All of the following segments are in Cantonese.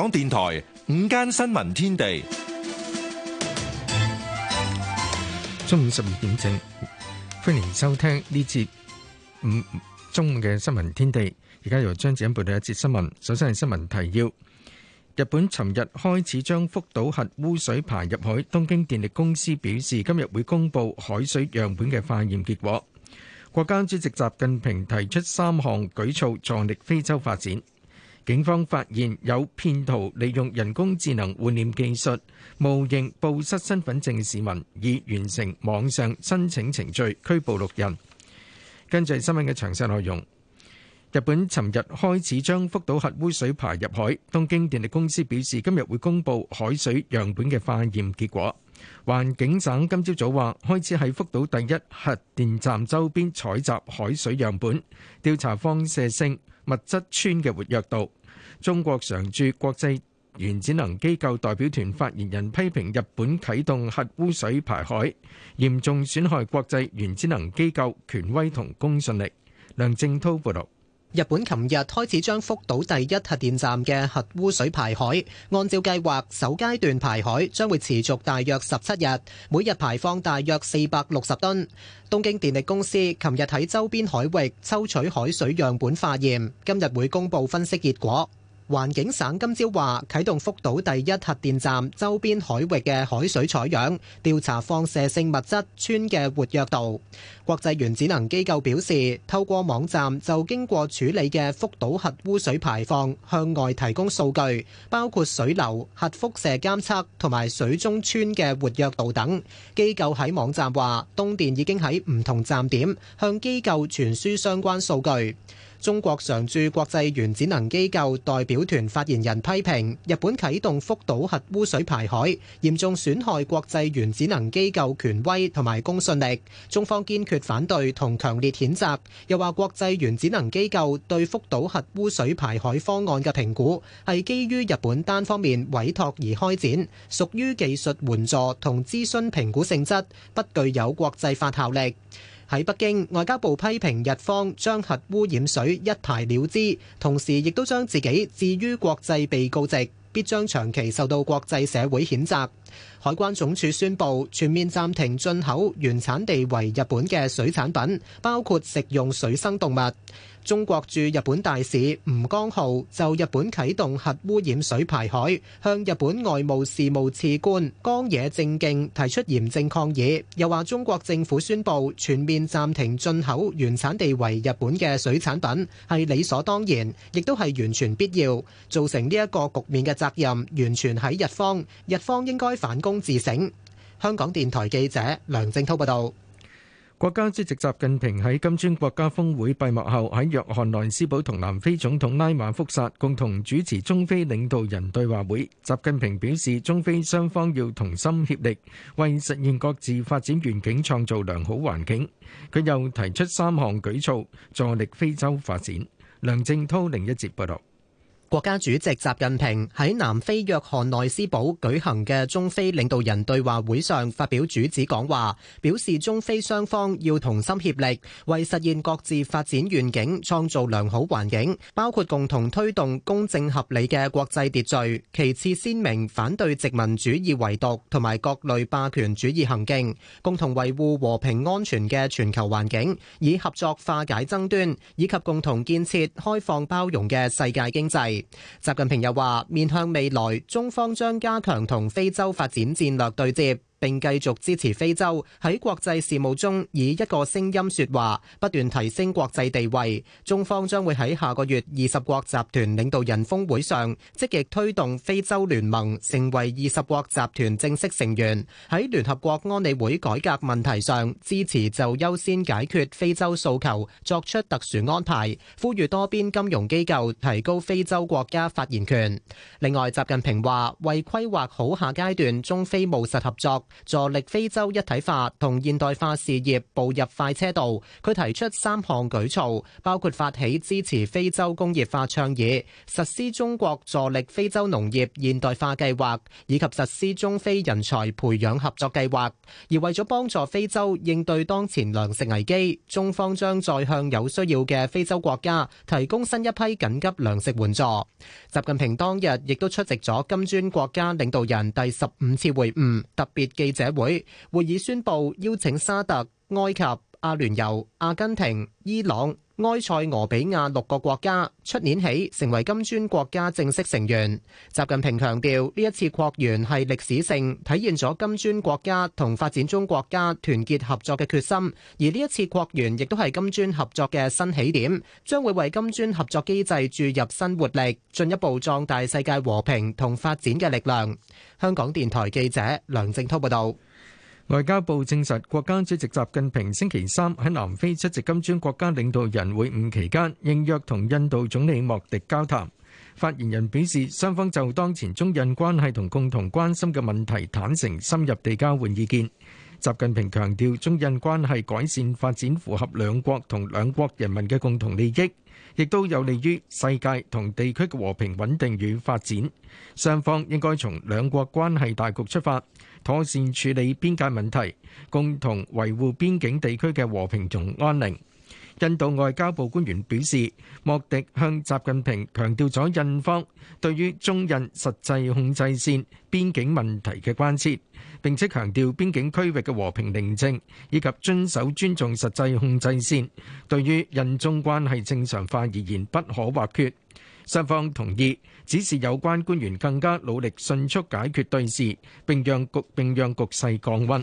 香港電台午間新聞天地，中午十二點正歡迎收聽呢節午中午嘅新聞天地。而家由張子欣報道一節新聞。首先係新聞提要：日本尋日開始將福島核污水排入海，東京電力公司表示今日會公布海水樣本嘅化驗結果。國家主席習近平提出三項舉措助力非洲發展。警方發現有騙徒利用人工智能換臉技術冒認報失身份證市民，以完成網上申請程序，拘捕六人。跟住係新聞嘅詳細內容，日本尋日開始將福島核污水排入海，東京電力公司表示今日會公布海水樣本嘅化驗結果。環境省今朝早話開始喺福島第一核電站周邊採集海水樣本，調查放射性。物質村嘅活躍度。中國常駐國際原子能機構代表團發言人批評日本啟動核污水排海，嚴重損害國際原子能機構權威同公信力。梁正滔報道。日本琴日開始將福島第一核電站嘅核污水排海，按照計劃，首階段排海將會持續大約十七日，每日排放大約四百六十噸。東京電力公司琴日喺周邊海域抽取海水樣本化驗，今日會公佈分析結果。環境省今朝話啟動福島第一核電站周邊海域嘅海水採樣，調查放射性物質氚嘅活躍度。國際原子能機構表示，透過網站就經過處理嘅福島核污水排放向外提供數據，包括水流、核輻射監測同埋水中氚嘅活躍度等。機構喺網站話，東電已經喺唔同站點向機構傳輸相關數據。中國常駐國際原子能機構代表團發言人批評日本啟動福島核污水排海，嚴重損害國際原子能機構權威同埋公信力，中方堅決反對同強烈譴責。又話國際原子能機構對福島核污水排海方案嘅評估係基於日本單方面委託而開展，屬於技術援助同諮詢評估性質，不具有國際法效力。喺北京，外交部批評日方將核污染水一排了之，同時亦都將自己置於國際被告席，必將長期受到國際社會譴責。海關總署宣布全面暫停進口原產地為日本嘅水產品，包括食用水生動物。中國駐日本大使吳江浩就日本啟動核污染水排海，向日本外務事務次官岡野正敬提出嚴正抗議。又話中國政府宣布全面暫停進口原產地為日本嘅水產品，係理所當然，亦都係完全必要。造成呢一個局面嘅責任完全喺日方，日方應該。反攻自省。香港電台記者梁正濤報道。國家主席習近平喺金磚國家峰會閉幕後，喺約翰內斯堡同南非總統拉馬福薩共同主持中非領導人對話會。習近平表示，中非雙方要同心協力，為實現各自發展願景創造良好環境。佢又提出三項舉措，助力非洲發展。梁正濤另一節報道。國家主席習近平喺南非約翰內斯堡舉行嘅中非領導人對話會上發表主旨講話，表示中非雙方要同心協力，為實現各自發展願景創造良好環境，包括共同推動公正合理嘅國際秩序；其次，鮮明反對殖民主義遺毒同埋各類霸權主義行徑，共同維護和平安全嘅全球環境，以合作化解爭端，以及共同建設開放包容嘅世界經濟。習近平又話，面向未來，中方將加強同非洲發展戰略對接。並繼續支持非洲喺國際事務中以一個聲音説話，不斷提升國際地位。中方將會喺下個月二十國集團領導人峰會上積極推動非洲聯盟成為二十國集團正式成員。喺聯合國安理會改革問題上，支持就優先解決非洲訴求作出特殊安排，呼籲多邊金融機構提高非洲國家發言權。另外，習近平話為規劃好下階段中非務實合作。助力非洲一體化同現代化事業步入快車道，佢提出三項舉措，包括發起支持非洲工業化倡議、實施中國助力非洲農業現代化計劃以及實施中非人才培養合作計劃。而為咗幫助非洲應對當前糧食危機，中方將再向有需要嘅非洲國家提供新一批緊急糧食援助。習近平當日亦都出席咗金磚國家領導人第十五次會晤，特別。記者會會議宣布邀請沙特、埃及、阿聯酋、阿根廷、伊朗、埃塞俄比亞六個國家出年起成為金磚國家正式成員。習近平強調，呢一次擴員係歷史性，體現咗金磚國家同發展中國家團結合作嘅決心。而呢一次擴員亦都係金磚合作嘅新起點，將會為金磚合作機制注入新活力，進一步壯大世界和平同發展嘅力量。香港電台記者梁靜濤報道。外交部證實，國家主席習近平星期三喺南非出席金磚國家領導人會晤期間，應約同印度總理莫迪交談。發言人表示，雙方就當前中印關係同共同關心嘅問題坦誠深入地交換意見。習近平強調，中印關係改善發展符合兩國同兩國人民嘅共同利益。亦都有利於世界同地區嘅和平穩定與發展。雙方應該從兩國關係大局出發，妥善處理邊界問題，共同維護邊境地區嘅和平同安寧。印度外交部官員表示，莫迪向習近平強調咗印方對於中印實際控制線邊境問題嘅關切。並且強調邊境區域嘅和平寧靜，以及遵守尊重實際控制線，對於印中關係正常化而言不可或缺。雙方同意，指示有關官員更加努力迅速解決對峙，並讓局並讓局勢降溫。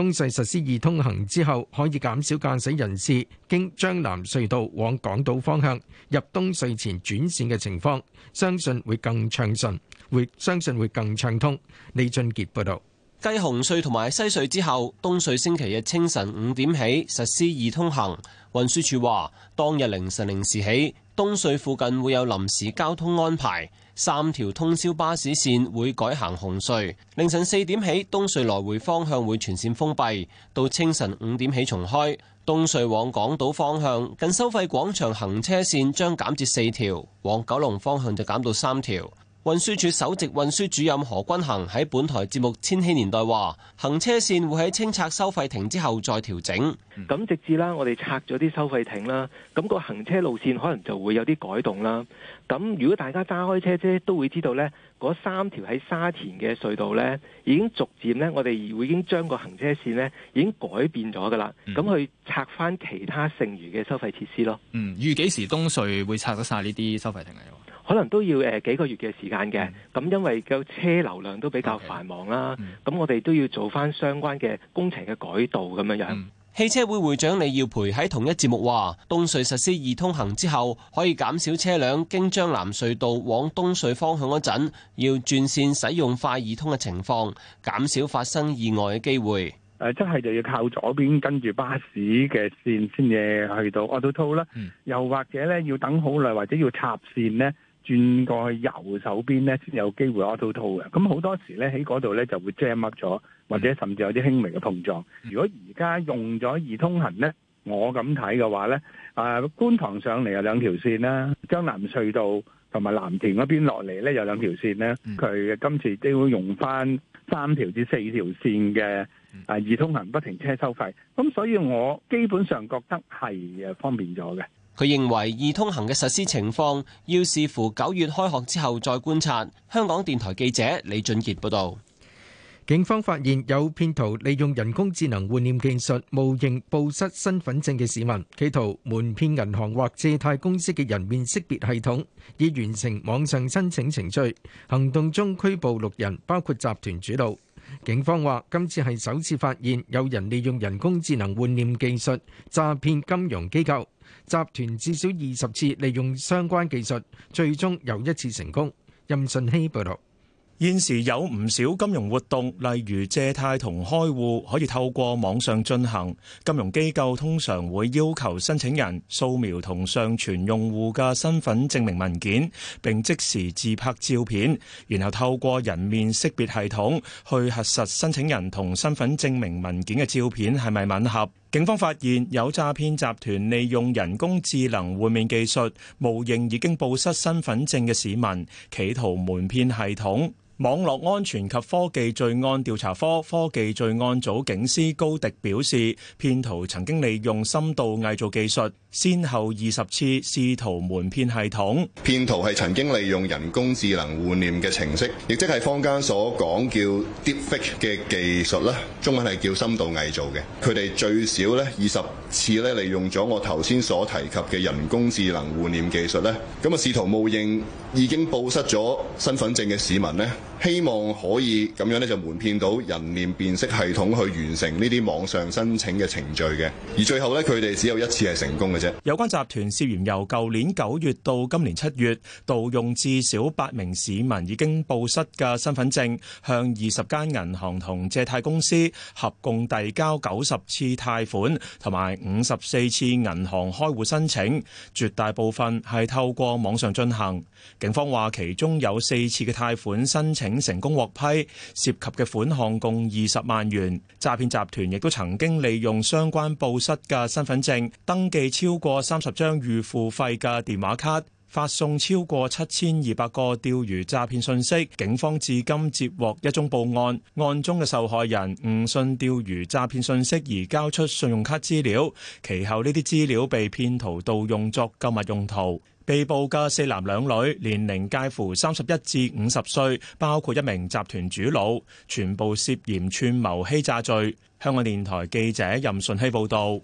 東隧實施易通行之後，可以減少駕駛人士經張南隧道往港島方向入東隧前轉線嘅情況，相信會更暢順，會相信會更暢通。李俊傑報道。繼紅隧同埋西隧之後，東隧星期日清晨五點起實施易通行。運輸署話，當日凌晨零時起，東隧附近會有臨時交通安排。三條通宵巴士線會改行紅隧，凌晨四點起東隧來回方向會全線封閉，到清晨五點起重開。東隧往港島方向近收費廣場行車線將減至四條，往九龍方向就減到三條。運輸署首席運輸主任何君衡喺本台節目《千禧年代》話，行車線會喺清拆收費亭之後再調整。咁直至啦，我哋拆咗啲收費亭啦，咁個行車路線可能就會有啲改動啦。咁如果大家揸開車車都會知道呢，嗰三條喺沙田嘅隧道呢，已經逐漸呢，我哋會已經將個行車線呢已經改變咗噶啦，咁、嗯、去拆翻其他剩餘嘅收費設施咯。嗯，預幾時東隧會拆得晒呢啲收費亭啊？可能都要誒幾個月嘅時間嘅，咁、嗯、因為個車流量都比較繁忙啦，咁 Okay,、嗯、我哋都要做翻相關嘅工程嘅改道咁樣樣。嗯汽車會會長李耀培喺同一節目話，東隧實施易通行之後，可以減少車輛經將藍隧道往東隧方向嗰陣要轉線使用快易通嘅情況，減少發生意外嘅機會。誒，即係就要靠左邊跟住巴士嘅線先至去到 Autotoll 啦，又或者咧要等好耐，或者要插線呢。轉過去右手邊呢，先有機會 Autotoll 嘅。咁好多時呢，喺嗰度呢就會 jam up 咗，或者甚至有啲輕微嘅碰撞。如果而家用咗二通行呢，我咁睇嘅話呢，啊、呃、觀塘上嚟有兩條線啦，江南隧道同埋藍田嗰邊落嚟呢，有兩條線呢。佢、嗯、今次都用翻三條至四條線嘅啊、呃、二通行不停車收費。咁所以我基本上覺得係誒方便咗嘅。佢認為易通行嘅實施情況要視乎九月開學之後再觀察。香港電台記者李俊傑報道，警方發現有騙徒利用人工智能換臉技術冒認報失身份證嘅市民，企圖瞞騙銀行或借貸公司嘅人面識別系統，以完成網上申請程序。行動中拘捕六人，包括集團主導。警方話，今次係首次發現有人利用人工智能換臉技術詐騙金融機構。集團至少二十次利用相關技術，最終又一次成功。任信希報導。現時有唔少金融活動，例如借貸同開戶，可以透過網上進行。金融機構通常會要求申請人掃描同上傳用戶嘅身份證明文件，並即時自拍照片，然後透過人面識別系統去核實申請人同身份證明文件嘅照片係咪吻合。警方發現有詐騙集團利用人工智能換面技術，模擬已經報失身份證嘅市民，企圖瞞騙系統。網絡安全及科技罪案調查科科技罪案組警司高迪表示，騙徒曾經利用深度偽造技術，先後二十次試圖瞞騙系統。騙徒係曾經利用人工智能換臉嘅程式，亦即係坊間所講叫 deepfake 嘅技術啦，中文係叫深度偽造嘅。佢哋最少咧二十次咧利用咗我頭先所提及嘅人工智能換臉技術咧，咁啊試圖冒認已經報失咗身份證嘅市民咧。希望可以咁樣咧，就瞞騙到人臉辨識系統去完成呢啲網上申請嘅程序嘅。而最後咧，佢哋只有一次係成功嘅啫。有關集團涉嫌由舊年九月到今年七月盜用至少八名市民已經報失嘅身份證，向二十間銀行同借貸公司合共遞交九十次貸款同埋五十四次銀行開戶申請，絕大部分係透過網上進行。警方話其中有四次嘅貸款申請，警成功獲批，涉及嘅款項共二十萬元。詐騙集團亦都曾經利用相關報失嘅身份證，登記超過三十張預付費嘅電話卡，發送超過七千二百個釣魚詐騙信息。警方至今接獲一宗報案，案中嘅受害人誤信釣魚詐騙信息而交出信用卡資料，其後呢啲資料被騙徒盜用作購物用途。被捕嘅四男兩女，年齡介乎三十一至五十歲，包括一名集團主腦，全部涉嫌串謀欺詐罪。香港電台記者任順希報道。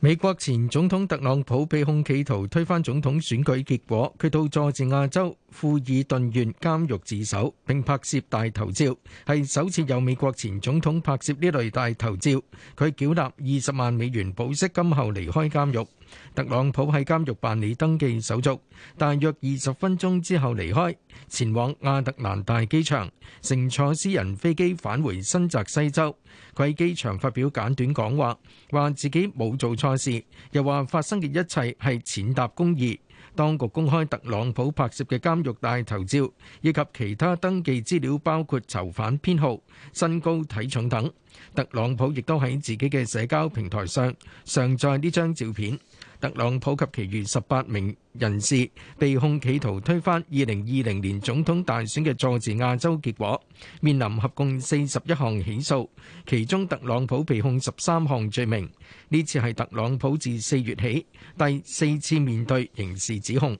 美國前總統特朗普被控企圖推翻總統選舉結果，佢到佐治亞州。富爾頓縣監獄自首並拍攝大頭照，係首次有美國前總統拍攝呢類大頭照。佢繳納二十萬美元保釋金後離開監獄。特朗普喺監獄辦理登記手續，大約二十分鐘之後離開，前往亞特蘭大機場，乘坐私人飛機返回新澤西州。佢喺機場發表簡短講話，話自己冇做錯事，又話發生嘅一切係踐踏公義。當局公開特朗普拍攝嘅監獄大頭照，以及其他登記資料，包括囚犯編號、身高體重等。特朗普亦都喺自己嘅社交平台上上載呢張照片。特朗普及其餘十八名人士被控企圖推翻二零二零年總統大選嘅佐治亞州結果，面臨合共四十一項起訴，其中特朗普被控十三項罪名。呢次係特朗普自四月起第四次面對刑事指控。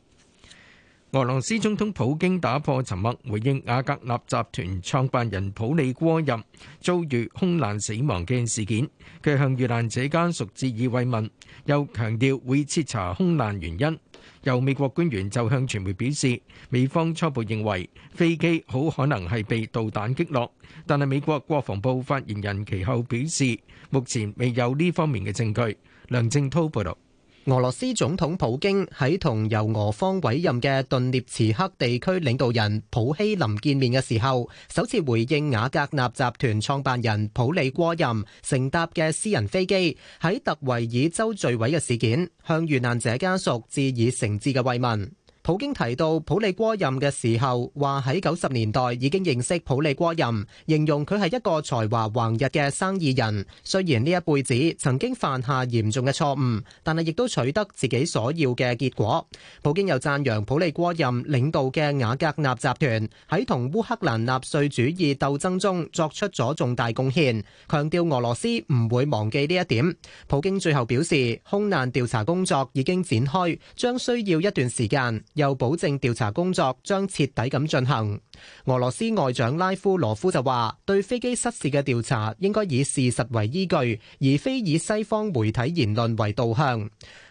俄羅斯總統普京打破沉默，回應瓦格納集團創辦人普利戈任遭遇空難死亡嘅事件。佢向遇難者家屬致以慰問，又強調會徹查空難原因。有美國官員就向傳媒表示，美方初步認為飛機好可能係被導彈擊落，但係美國國防部發言人其後表示，目前未有呢方面嘅證據。梁正滔報道。俄羅斯總統普京喺同由俄方委任嘅頓涅茨克地區領導人普希林見面嘅時候，首次回應瓦格納集團創辦人普里戈任乘搭嘅私人飛機喺特維爾州墜毀嘅事件，向遇難者家屬致以誠摯嘅慰問。普京提到普利戈任嘅時候，話喺九十年代已經認識普利戈任，形容佢係一個才華橫溢嘅生意人。雖然呢一輩子曾經犯下嚴重嘅錯誤，但係亦都取得自己所要嘅結果。普京又讚揚普利戈任領導嘅瓦格納集團喺同烏克蘭納粹主義鬥爭中作出咗重大貢獻，強調俄羅斯唔會忘記呢一點。普京最後表示，空難調查工作已經展開，將需要一段時間。又保證調查工作將徹底咁進行。俄羅斯外長拉夫羅夫就話，對飛機失事嘅調查應該以事實為依據，而非以西方媒體言論為導向。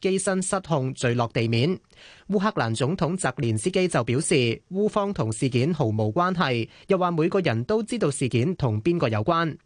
機身失控墜落地面，烏克蘭總統澤連斯基就表示，烏方同事件毫無關係，又話每個人都知道事件同邊個有關。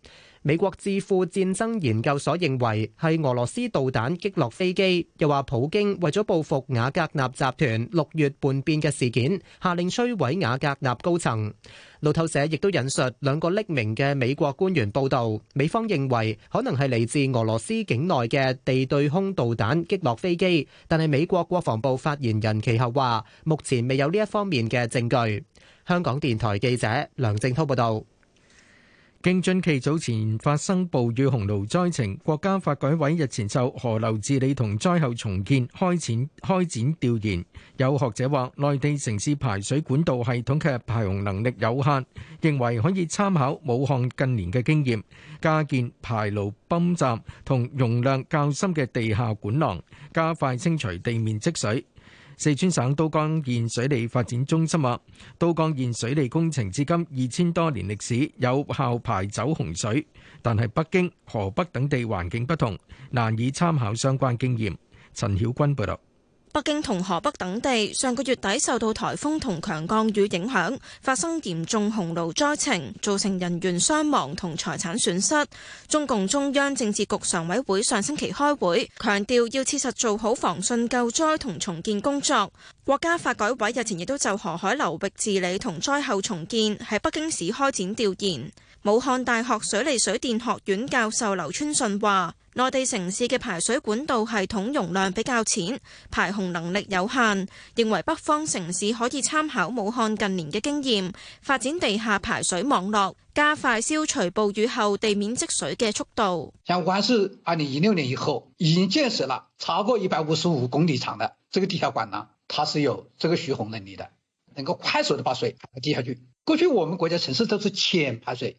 美國智庫戰爭研究所認為係俄羅斯導彈擊落飛機，又話普京為咗報復瓦格納集團六月叛變嘅事件，下令摧毀瓦格納高層。路透社亦都引述兩個匿名嘅美國官員報導，美方認為可能係嚟自俄羅斯境內嘅地對空導彈擊落飛機，但係美國國防部發言人其後話，目前未有呢一方面嘅證據。香港電台記者梁正滔報道。京津冀早前發生暴雨洪澇災情，國家發改委日前就河流治理同災後重建開展開展調研。有學者話，內地城市排水管道系統嘅排洪能力有限，認為可以參考武漢近年嘅經驗，加建排澇泵站同容量較深嘅地下管廊，加快清除地面積水。四川省都江堰水利發展中心話，都江堰水利工程至今二千多年歷史，有效排走洪水，但係北京、河北等地環境不同，難以參考相關經驗，陳曉君報道。北京同河北等地上個月底受到颱風同強降雨影響，發生嚴重洪澇災情，造成人員傷亡同財產損失。中共中央政治局常委會上星期開會，強調要切實做好防汛救災同重建工作。國家發改委日前亦都就河海流域治理同災後重建喺北京市開展調研。武漢大學水利水電學院教授劉春信話。內地城市嘅排水管道系統容量比較淺，排洪能力有限。認為北方城市可以參考武漢近年嘅經驗，發展地下排水網絡，加快消除暴雨後地面積水嘅速度。像武漢市，二零一六年以後已經建設了超過一百五十五公里長的這個地下管廊，它是有這個蓄洪能力的，能夠快速的把水排地下去。過去我們國家城市都是淺排水。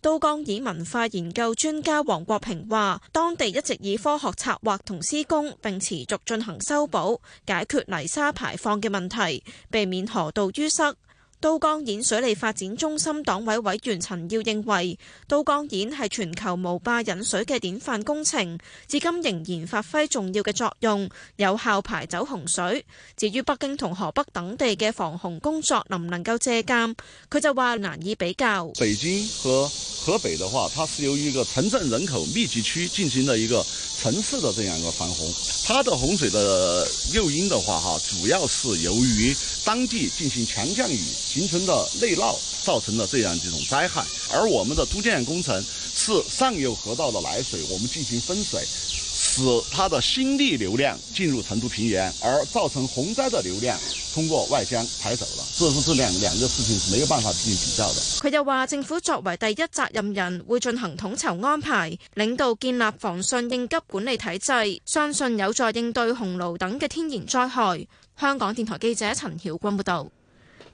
都江堰文化研究專家王國平話，當地一直以科學策劃同施工，並持續進行修補，解決泥沙排放嘅問題，避免河道淤塞。都江堰水利發展中心黨委委員陳耀認為，都江堰係全球無壩引水嘅典範工程，至今仍然發揮重要嘅作用，有效排走洪水。至於北京同河北等地嘅防洪工作能唔能夠借鑒，佢就話難以比較。北京和河北的話，它是由於一個城鎮人口密集區進行了一個城市的這樣一個防洪，它的洪水的誘因的話，哈，主要是由於當地進行強降雨。形成的內澇造成的這樣一種災害，而我們的都江堰工程是上游河道的來水，我們進行分水，使它的新力流量進入成都平原，而造成洪災的流量通過外江排走了。這是這兩兩個事情是沒有辦法進行比較的。佢又話政府作為第一責任人，會進行統籌安排，領導建立防汛應急管理體制，相信有助應對洪澇等嘅天然災害。香港電台記者陳曉君報道。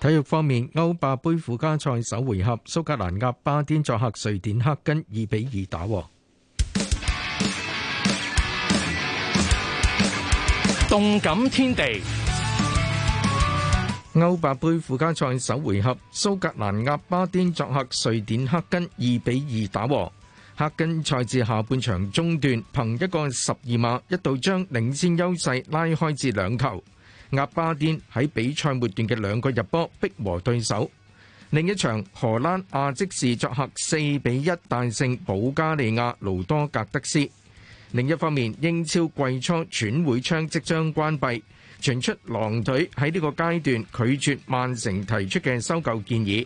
體育方面，歐霸盃附加賽首回合，蘇格蘭鴨巴甸作客瑞典赫根二比二打和。動感天地，歐霸盃附加賽首回合，蘇格蘭鴨巴甸作客瑞典赫根二比二打和。赫根賽至下半場中段，憑一個十二碼，一度將領先優勢拉開至兩球。阿巴甸喺比賽末段嘅兩個入波逼和對手。另一場荷蘭亞積士作客四比一大勝保加利亞盧多格德斯。另一方面，英超季初轉會窗即將關閉，傳出狼隊喺呢個階段拒絕曼城提出嘅收購建議。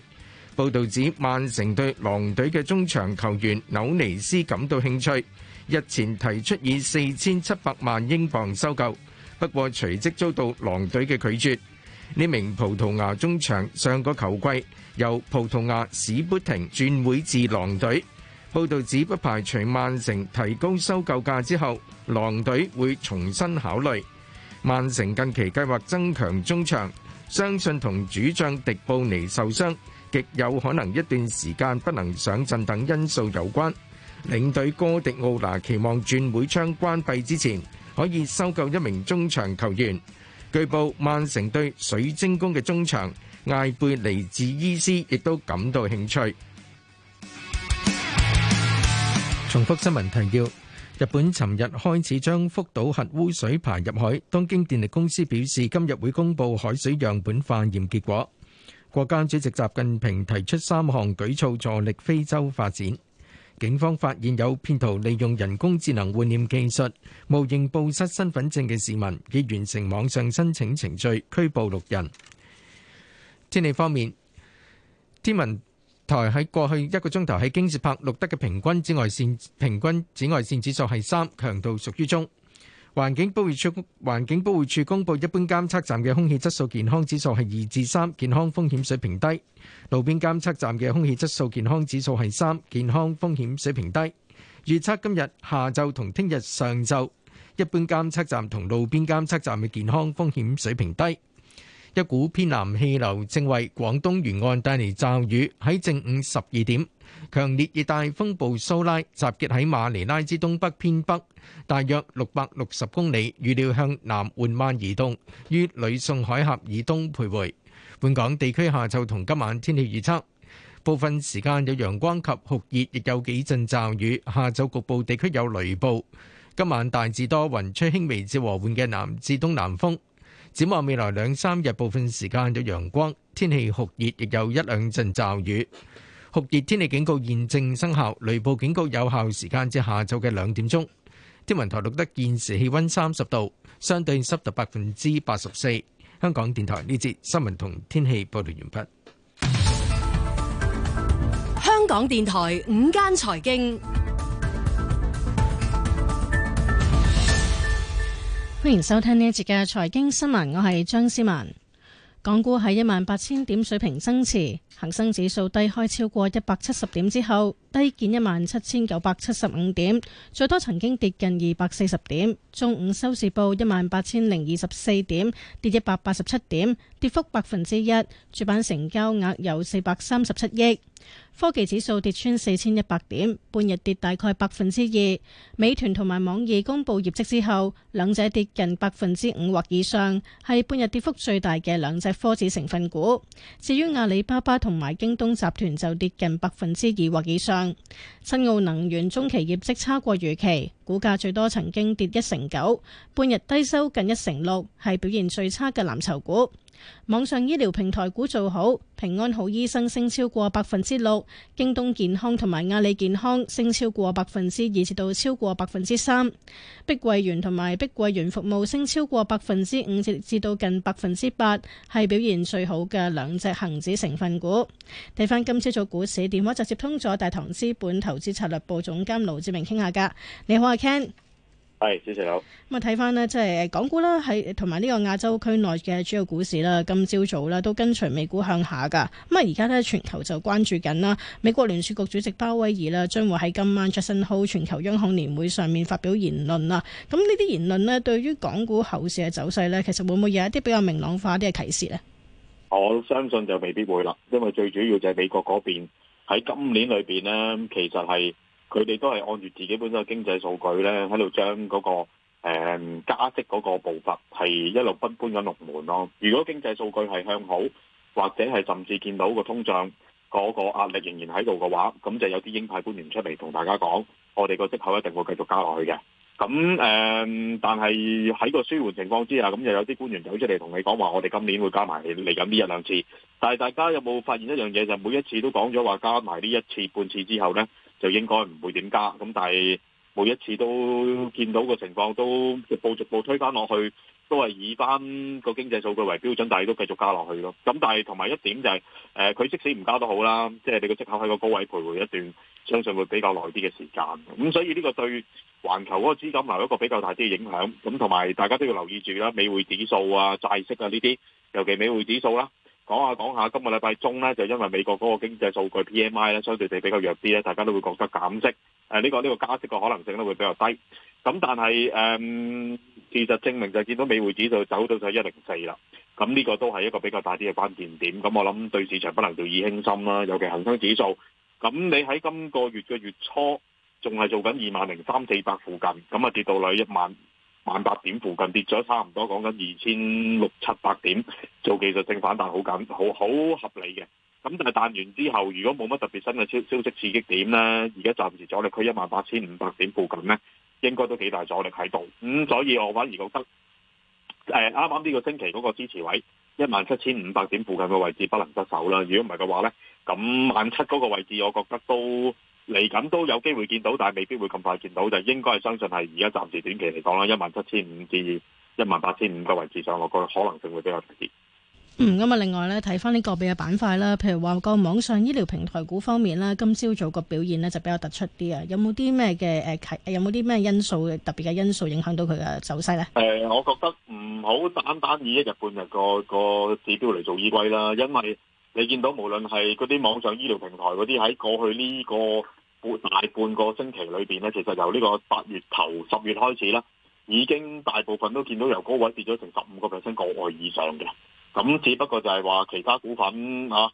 報導指曼城對狼隊嘅中場球員紐尼斯感到興趣，日前提出以四千七百萬英鎊收購。不過隨即遭到狼隊嘅拒絕。呢名葡萄牙中場上個球季由葡萄牙士砵亭轉會至狼隊。報道指不排除曼城提高收購價之後，狼隊會重新考慮。曼城近期計劃增強中場，相信同主將迪布尼受傷，極有可能一段時間不能上陣等因素有關。領隊哥迪奧拿期望轉會窗關閉之前，可以收購一名中場球員。據報，曼城對水晶宮嘅中場艾貝尼治伊斯亦都感到興趣。重複新聞提要：日本尋日開始將福島核污水排入海。東京電力公司表示，今日會公佈海水樣本化驗結果。國家主席習近平提出三項舉措助力非洲發展。警方發現有騙徒利用人工智能換臉技術冒認報失身份證嘅市民，已完成網上申請程序，拘捕六人。天氣方面，天文台喺過去一個鐘頭喺京士柏錄得嘅平均紫外線平均紫外線指數係三，強度屬於中。環境保護環境保護署公布，一般監測站嘅空氣質素健康指數係二至三，健康風險水平低；路邊監測站嘅空氣質素健康指數係三，健康風險水平低。預測今日下晝同聽日上晝，一般監測站同路邊監測站嘅健康風險水平低。一股偏南氣流正為廣東沿岸帶嚟驟雨，喺正午十二點。強烈熱帶風暴蘇拉集結喺馬尼拉之東北偏北，大約六百六十公里，預料向南緩慢移動，於呂宋海峽以東徘徊。本港地區下晝同今晚天氣預測，部分時間有陽光及酷熱，亦有幾陣驟雨。下晝局部地區有雷暴。今晚大致多雲，吹輕微至和緩嘅南至東南風。展望未來兩三日，部分時間有陽光，天氣酷熱，亦有一兩陣驟雨。酷熱天氣警告現正生效，雷暴警告有效時間至下晝嘅兩點鐘。天文台錄得現時氣溫三十度，相對濕度百分之八十四。香港電台呢節新聞同天氣報道完畢。香港電台午間財經，歡迎收聽呢一節嘅財經新聞，我係張思文。港股喺一萬八千點水平增持。恒生指數低開超過一百七十點之後，低見一萬七千九百七十五點，最多曾經跌近二百四十點。中午收市報一萬八千零二十四點，跌一百八十七點，跌幅百分之一。主板成交額有四百三十七億。科技指數跌穿四千一百點，半日跌大概百分之二。美團同埋網易公布業績之後，兩隻跌近百分之五或以上，係半日跌幅最大嘅兩隻科技成分股。至於阿里巴巴同，同埋京東集團就跌近百分之二或以上，新奧能源中期業績差過預期，股價最多曾經跌一成九，半日低收近一成六，係表現最差嘅藍籌股。網上醫療平台股做好，平安好醫生升超過百分之六，京東健康同埋阿里健康升超過百分之二至到超過百分之三，碧桂園同埋碧桂園服務升超過百分之五至至到近百分之八，係表現最好嘅兩隻恒指成分股。睇翻今朝早股市，電話就接通咗大唐資本投資策略部總監盧志明傾下偈，你好阿 Ken。係，多謝你。咁啊，睇翻呢，即係港股啦，喺同埋呢個亞洲區內嘅主要股市啦，今朝早啦都跟隨美股向下噶。咁啊，而家咧全球就關注緊啦，美國聯儲局主席鮑威爾啦，將會喺今晚 Jackson Hole 全球央行年會上面發表言論啦。咁呢啲言論呢，對於港股後市嘅走勢呢，其實會唔會有一啲比較明朗化啲嘅啟示呢？我相信就未必會啦，因為最主要就係美國嗰邊喺今年裏邊呢，其實係。佢哋都係按住自己本身嘅經濟數據呢，喺度將嗰個誒加息嗰個步伐係一路不斷咁搬緊龍門咯。如果經濟數據係向好，或者係甚至見到個通脹嗰個壓力仍然喺度嘅話，咁就有啲鷹派官員出嚟同大家講，我哋個息口一定會繼續加落去嘅。咁誒，但係喺個舒緩情況之下，咁就有啲官員走出嚟同你講話，我哋今年會加埋嚟緊呢一兩次。但係大家有冇發現一樣嘢，就每一次都講咗話加埋呢一次半次之後呢？就應該唔會點加，咁但係每一次都見到個情況都逐步逐步推翻落去，都係以翻個經濟數據為標準，但係都繼續加落去咯。咁但係同埋一點就係、是，誒、呃、佢即使唔加都好啦，即係你個息口喺個高位徘徊一段，相信會比較耐啲嘅時間。咁所以呢個對全球嗰個資金留一個比較大啲嘅影響。咁同埋大家都要留意住啦，美匯指數啊、債息啊呢啲，尤其美匯指數啦、啊。講下講下，今個禮拜中呢，就因為美國嗰個經濟數據 PMI 呢，PM I，相對地比較弱啲呢，大家都會覺得減息。誒、呃、呢、呢個呢、呢個加息嘅可能性呢會比較低。咁但係誒、嗯、事實證明就見到美匯指數走到咗一零四啦。咁呢個都係一個比較大啲嘅關鍵點。咁我諗對市場不能掉以輕心啦。尤其恆生指數，咁你喺今個月嘅月初仲係做緊二萬零三四百附近，咁啊跌到嚟一萬。萬八點附近跌咗差唔多，講緊二千六七百點做技術性反彈，好緊好好合理嘅。咁但係彈完之後，如果冇乜特別新嘅消消息刺激點呢？而家暫時阻力區一萬八千五百點附近呢，應該都幾大阻力喺度。咁、嗯、所以我反而覺得，誒啱啱呢個星期嗰個支持位一萬七千五百點附近嘅位置不能失守啦。如果唔係嘅話呢，咁萬七嗰個位置，我覺得都。嚟緊都有機會見到，但係未必會咁快見到，就應該係相信係而家暫時短期嚟講啦，一萬七千五至一萬八千五個位置上落個可能性會比較大啲。嗯，咁啊，另外咧睇翻呢個別嘅板塊啦，譬如話個網上醫療平台股方面啦，今朝早個表現咧就比較突出啲啊。有冇啲咩嘅誒？有冇啲咩因素嘅特別嘅因素影響到佢嘅走勢咧？誒、呃，我覺得唔好單單以一日半日個個指標嚟做依歸啦，因為你見到無論係嗰啲網上醫療平台嗰啲喺過去呢、這個。大半個星期裏邊咧，其實由呢個八月頭、十月開始咧，已經大部分都見到由高位跌咗成十五個 percent 個外以上嘅。咁只不過就係話其他股份啊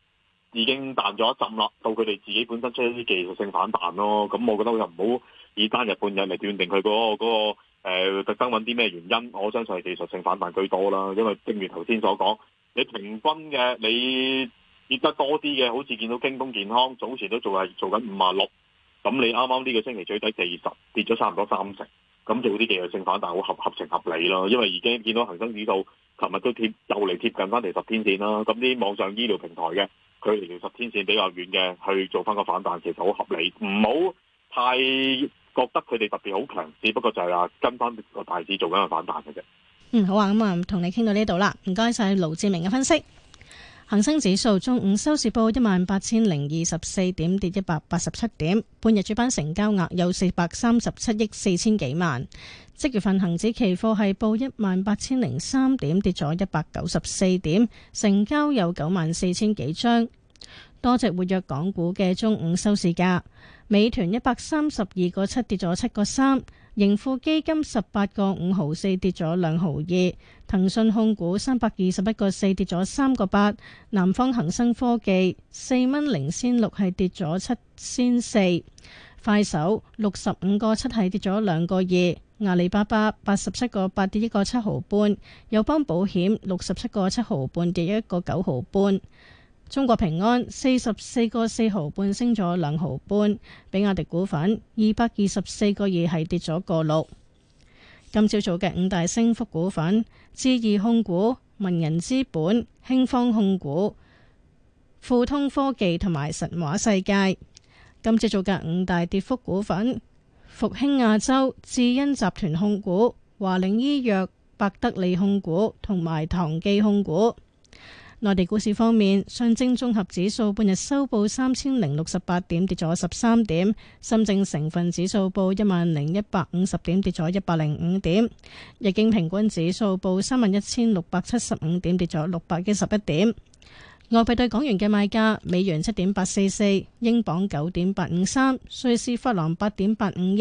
已經彈咗一陣啦，到佢哋自己本身出一啲技術性反彈咯。咁我覺得又唔好以單日半日嚟斷定佢嗰個嗰個呃特登揾啲咩原因。我相信係技術性反彈居多啦，因為正如頭先所講，你平均嘅你跌得多啲嘅，好似見到京東健康早前都做係做緊五啊六。咁你啱啱呢個星期最低四十跌咗差唔多三成，咁做啲技術性反彈好合合情合理咯。因為已經見到恒生指數琴日都貼又嚟貼近翻嚟十天線啦。咁啲網上醫療平台嘅距離十天線比較遠嘅，去做翻個反彈，其實好合理。唔好太覺得佢哋特別好強，只不過就係話跟翻個大市做緊個反彈嘅啫。嗯，好啊，咁啊，同你傾到呢度啦，唔該晒，盧志明嘅分析。恒生指數中午收市報一萬八千零二十四點，跌一百八十七點。半日主板成交額有四百三十七億四千幾萬。即月份恒指期貨係報一萬八千零三點，跌咗一百九十四點，成交有九萬四千幾張。多隻活躍港股嘅中午收市價，美團一百三十二個七跌咗七個三。盈富基金十八個五毫四跌咗兩毫二，騰訊控股三百二十一個四跌咗三個八，南方恒生科技四蚊零仙六係跌咗七仙四，快手六十五個七係跌咗兩個二，阿里巴巴八十七個八跌一個七毫半，友邦保險六十七個七毫半跌一個九毫半。中國平安四十四個四毫半升咗兩毫半，比亞迪股份二百二十四個二係跌咗個六。今朝早嘅五大升幅股份：智易控股、文人資本、興方控股、富通科技同埋神話世界。今朝早嘅五大跌幅股份：復興亞洲、智恩集團控股、華寧醫藥、百得利控股同埋唐記控股。內地股市方面，上證綜合指數半日收報三千零六十八點，跌咗十三點；深證成分指數報一萬零一百五十點，跌咗一百零五點；日經平均指數報三萬一千六百七十五點，跌咗六百一十一點。外幣兌港元嘅賣價：美元七點八四四，英鎊九點八五三，瑞士法郎八點八五一。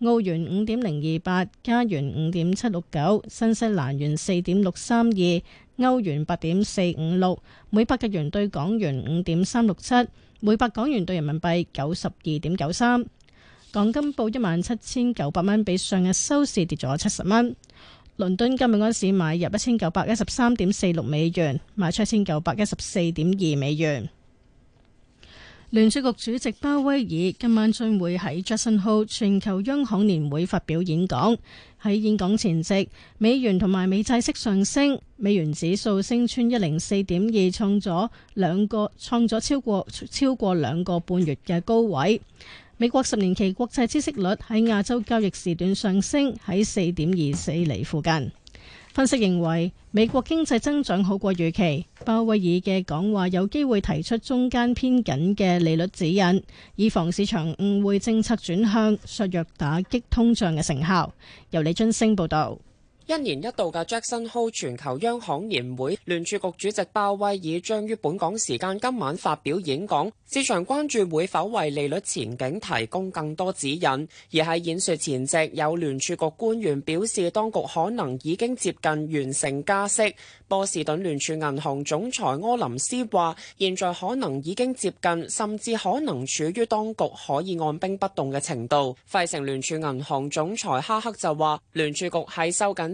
澳元五點零二八，加元五點七六九，新西蘭元四點六三二，歐元八點四五六，每百日元兌港元五點三六七，每百港元兌人民幣九十二點九三。港金報一萬七千九百蚊，比上日收市跌咗七十蚊。倫敦今日開市買入一千九百一十三點四六美元，賣出一千九百一十四點二美元。聯儲局主席鮑威爾今晚將會喺 Jackson Hole 全球央行年會發表演講。喺演講前夕，美元同埋美債息上升，美元指數升穿一零四點二，創咗兩個創咗超過超過兩個半月嘅高位。美國十年期國債孳息率喺亞洲交易時段上升，喺四點二四厘附近。分析認為美國經濟增長好過預期，鮑威爾嘅講話有機會提出中間偏緊嘅利率指引，以防市場誤會政策轉向，削弱打擊通脹嘅成效。由李津升報導。一年一度嘅 Jackson Hole 全球央行年會，聯儲局主席鮑威爾將於本港時間今晚發表演講，市場關注會否為利率前景提供更多指引。而喺演說前夕，有聯儲局官員表示，當局可能已經接近完成加息。波士頓聯儲銀行總裁柯林斯話：現在可能已經接近，甚至可能處於當局可以按兵不動嘅程度。費城聯儲銀行總裁哈克就話：聯儲局喺收緊。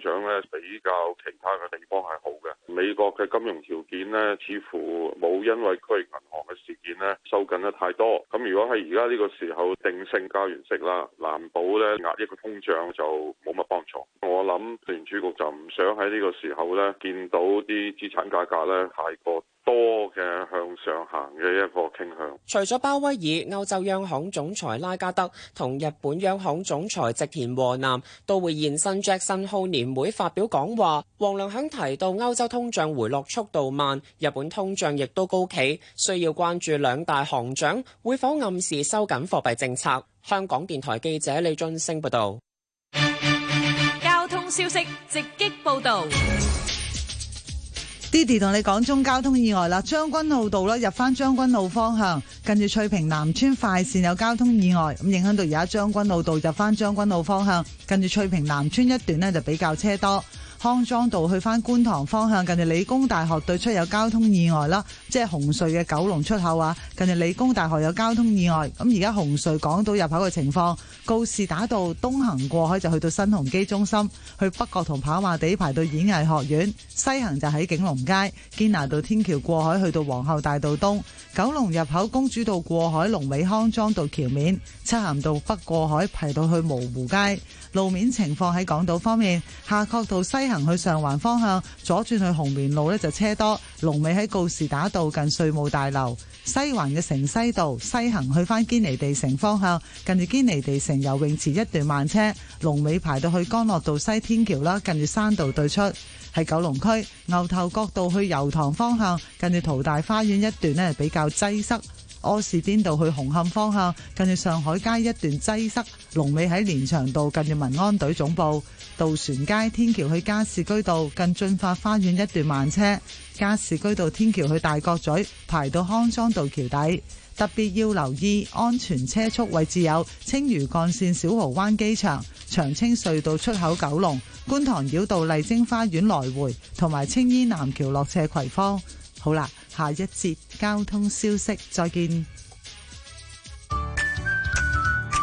通脹咧比較其他嘅地方係好嘅，美國嘅金融條件呢，似乎冇因為區域銀行嘅事件呢，收緊得太多，咁如果喺而家呢個時候定性加完息啦，難保呢壓抑個通脹就冇乜幫助。我諗聯儲局就唔想喺呢個時候呢，見到啲資產價格呢，太過多嘅向上行嘅一個傾向。除咗鮑威爾，歐洲央行總裁拉加德同日本央行總裁植田和男都會現身，Jackson Hole 年會發表講話。黃良肯提到，歐洲通脹回落速度慢，日本通脹亦都高企，需要關注兩大行長會否暗示收緊貨幣政策。香港電台記者李俊升報道。交通消息直擊報道。Didi 同你講中交通意外啦，將軍澳道咧入翻將軍澳方向，跟住翠屏南村快線有交通意外，咁影響到而家將軍澳道入翻將軍澳方向，跟住翠屏南村一段呢，就比較車多。康莊道去翻觀塘方向，近住理工大學對出有交通意外啦，即係紅隧嘅九龍出口啊，近住理工大學有交通意外。咁而家紅隧港島入口嘅情況，告士打道東行過海就去到新鴻基中心，去北角同跑馬地排到演藝學院，西行就喺景隆街堅拿道天橋過海去到皇后大道東，九龍入口公主道過海龍尾康莊道橋面，漆咸道北過海排到去蕪湖街，路面情況喺港島方面，夏慤道西行去上環方向，左轉去紅棉路呢就車多，龍尾喺告士打道近稅務大樓；西環嘅城西道，西行去翻堅尼地城方向，近住堅尼地城游泳池一段慢車，龍尾排到去干諾道西天橋啦，近住山道對出喺九龍區牛頭角道去油塘方向，近住淘大花園一段呢比較擠塞；柯士甸道去紅磡方向，近住上海街一段擠塞，龍尾喺聯翔道近住民安隊總部。渡船街天橋去加士居道近駿發花園一段慢車，加士居道天橋去大角咀排到康莊道橋底，特別要留意安全車速位置，有青嶼幹線小蠔灣機場、長青隧道出口九龍、九龍觀塘繞道麗晶花園來回，同埋青衣南橋落斜葵芳。好啦，下一節交通消息，再見。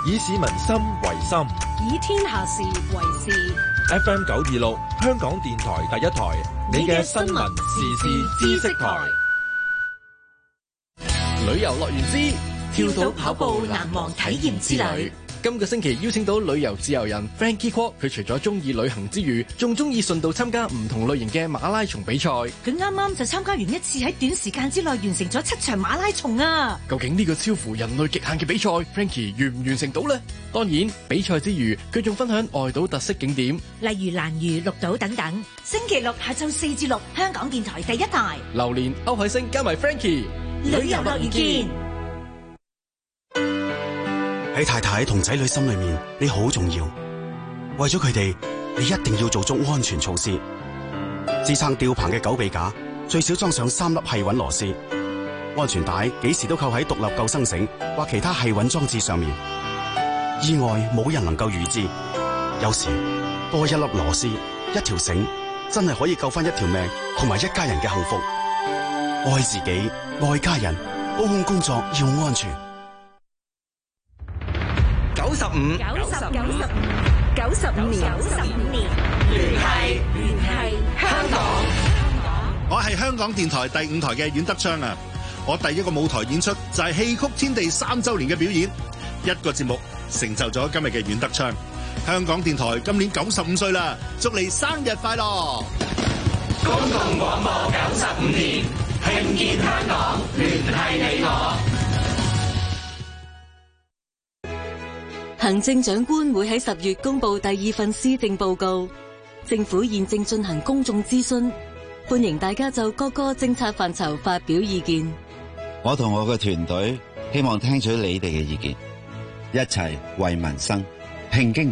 以市民心為心。以天下事為事。FM 九二六，香港電台第一台，你嘅新聞、時事、知識台。旅遊樂園之跳島跑步難忘體驗之旅。今個星期邀請到旅遊自由人 Frankie Co，佢除咗中意旅行之餘，仲中意順道參加唔同類型嘅馬拉松比賽。佢啱啱就參加完一次喺短時間之內完成咗七場馬拉松啊！究竟呢個超乎人類極限嘅比賽，Frankie 完唔完成到呢？當然，比賽之餘佢仲分享外島特色景點，例如蘭嶼綠島等等。星期六下晝四至六，香港電台第一台，榴蓮歐海星加埋 Frankie，旅遊樂遇見。喺太太同仔女心裏面，你好重要。為咗佢哋，你一定要做足安全措施。自撐吊棚嘅狗臂架最少裝上三粒繫穩螺絲。安全帶幾時都扣喺獨立救生繩或其他繫穩裝置上面。意外冇人能夠預知，有時多一粒螺絲、一條繩，真係可以救翻一條命同埋一家人嘅幸福。愛自己，愛家人，高空工作要安全。九十九十五，九十五年，九十五年聯繫聯繫香港，我係香港電台第五台嘅阮德昌啊！我第一個舞台演出就係戲曲天地三周年嘅表演，一個節目成就咗今日嘅阮德昌。香港電台今年九十五歲啦，祝你生日快樂！公共廣播九十五年慶建香港，聯繫你我。行政長官會喺十月公布第二份施政報告，政府現正進行公眾諮詢，歡迎大家就各個政策範疇發表意見。我同我嘅團隊希望聽取你哋嘅意見，一齊為民生拼經。